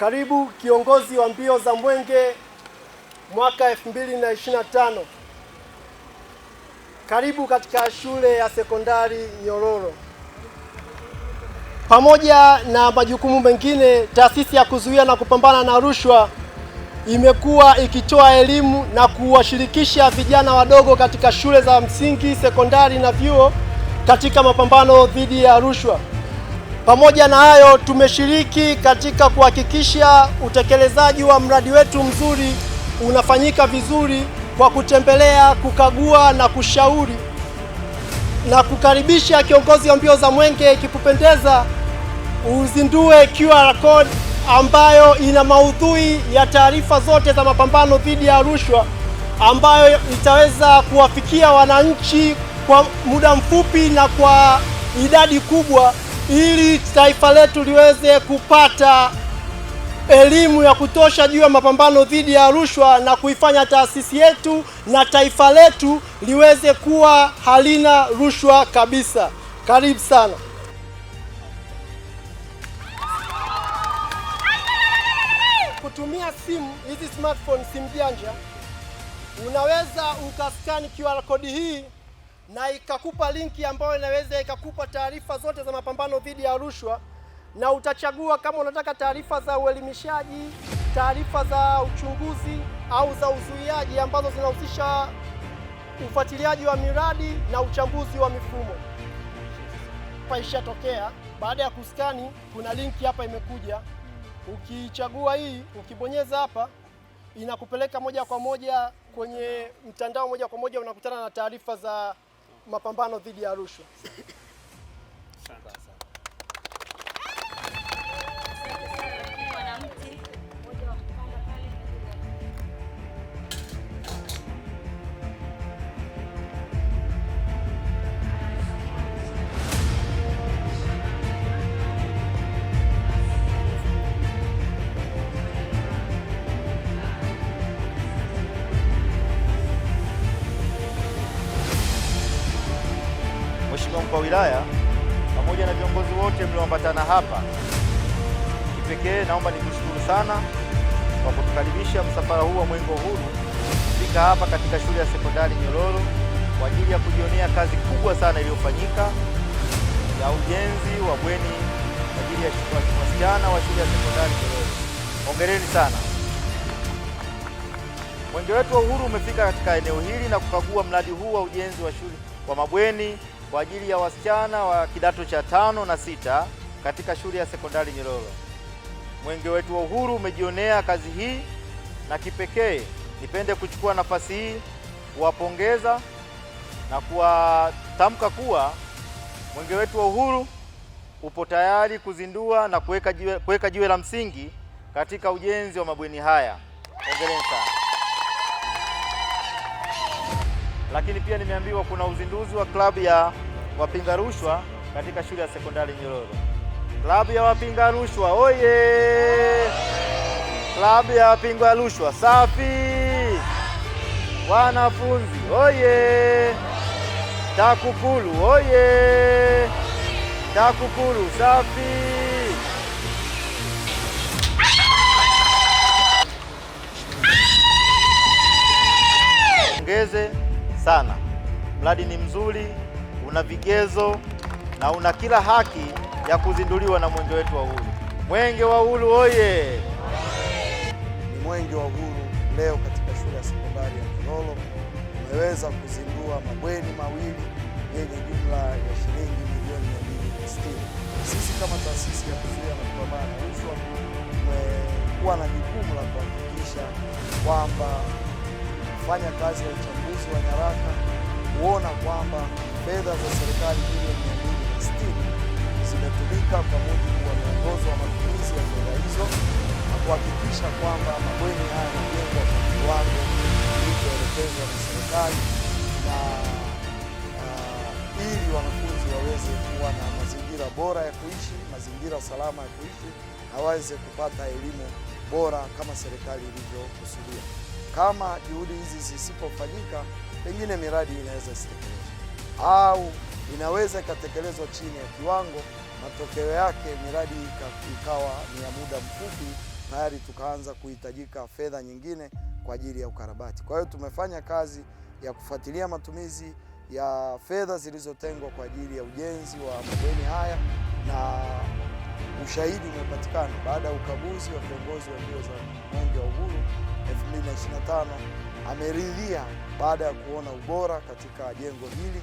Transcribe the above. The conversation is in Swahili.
Karibu kiongozi wa mbio za Mwenge mwaka 2025. Karibu katika shule ya sekondari Nyororo. Pamoja na majukumu mengine, taasisi ya kuzuia na kupambana na rushwa imekuwa ikitoa elimu na kuwashirikisha vijana wadogo katika shule za msingi, sekondari na vyuo katika mapambano dhidi ya rushwa. Pamoja na hayo, tumeshiriki katika kuhakikisha utekelezaji wa mradi wetu mzuri unafanyika vizuri kwa kutembelea, kukagua na kushauri na kukaribisha kiongozi wa mbio za Mwenge, ikikupendeza uzindue QR code ambayo ina maudhui ya taarifa zote za mapambano dhidi ya rushwa ambayo itaweza kuwafikia wananchi kwa muda mfupi na kwa idadi kubwa ili taifa letu liweze kupata elimu ya kutosha juu ya mapambano dhidi ya rushwa na kuifanya taasisi yetu na taifa letu liweze kuwa halina rushwa kabisa. Karibu sana. Kutumia simu hizi smartphone, simu janja, unaweza ukaskani QR code hii na ikakupa linki ambayo inaweza ikakupa taarifa zote za mapambano dhidi ya rushwa, na utachagua kama unataka taarifa za uelimishaji, taarifa za uchunguzi au za uzuiaji ambazo zinahusisha ufuatiliaji wa miradi na uchambuzi wa mifumo. Hapa ishatokea. Baada ya kuskani, kuna linki hapa imekuja. ukichagua hii, ukibonyeza hapa, inakupeleka moja kwa moja kwenye mtandao, moja kwa moja unakutana na taarifa za mapambano dhidi ya rushwa. wilaya pamoja na viongozi wote mlioambatana hapa. Kipekee naomba nikushukuru sana kwa kutukaribisha msafara huu wa Mwenge wa Uhuru kufika hapa katika shule ya sekondari Nyororo kwa ajili ya kujionea kazi kubwa sana iliyofanyika ya ujenzi wa bweni kwa ajili ya wasichana wa shule ya sekondari Nyororo. Hongereni sana. Mwenge wetu wa Uhuru umefika katika eneo hili na kukagua mradi huu wa ujenzi wa shule wa mabweni kwa ajili ya wasichana wa kidato cha tano na sita katika shule ya sekondari Nyerere. Mwenge wetu wa uhuru umejionea kazi hii, na kipekee nipende kuchukua nafasi hii kuwapongeza na kuwatamka kuwa mwenge wetu wa uhuru upo tayari kuzindua na kuweka jiwe, kuweka jiwe la msingi katika ujenzi wa mabweni haya. Hongereni sana. Lakini pia nimeambiwa kuna uzinduzi wa klabu ya wapinga rushwa katika shule ya sekondari Nyororo. Klabu ya wapinga rushwa oye! Klabu ya wapinga rushwa safi! Wanafunzi oye! TAKUKURU oye! TAKUKURU safi! Ongeze sana, mradi ni mzuri una vigezo na una kila haki ya kuzinduliwa na mwenge wetu wa uhuru. Mwenge wa Uhuru oye! Ni mwenge wa uhuru. Leo katika shule ya sekondari ya Kilolo umeweza kuzindua mabweni mawili yenye jumla ya shilingi milioni 260. Sisi kama taasisi ya kuzuia na kupambana na rushwa tumekuwa na jukumu la kuhakikisha kwamba fanya kazi ya uchambuzi wa nyaraka kuona kwamba fedha za serikali bilioni 260 zimetumika kwa mujibu wa miongozo wa matumizi ya fedha hizo na kuhakikisha kwamba mabweni haya yanajengwa kwa kiwango kilichoelekezwa na serikali na ah, ili wanafunzi waweze kuwa na mazingira bora ya kuishi, mazingira salama ya kuishi na waweze kupata elimu bora kama serikali ilivyokusudia. Kama juhudi hizi zisipofanyika, pengine miradi inaweza isitekelezwa au inaweza ikatekelezwa chini ya kiwango. Matokeo yake miradi ikawa ni ya muda mfupi, tayari tukaanza kuhitajika fedha nyingine kwa ajili ya ukarabati. Kwa hiyo tumefanya kazi ya kufuatilia matumizi ya fedha zilizotengwa kwa ajili ya ujenzi wa mabweni haya na ushahidi umepatikana baada ya ukaguzi wa kiongozi wa mbio za mwenge wa uhuru 2025 ameridhia baada ya kuona ubora katika jengo hili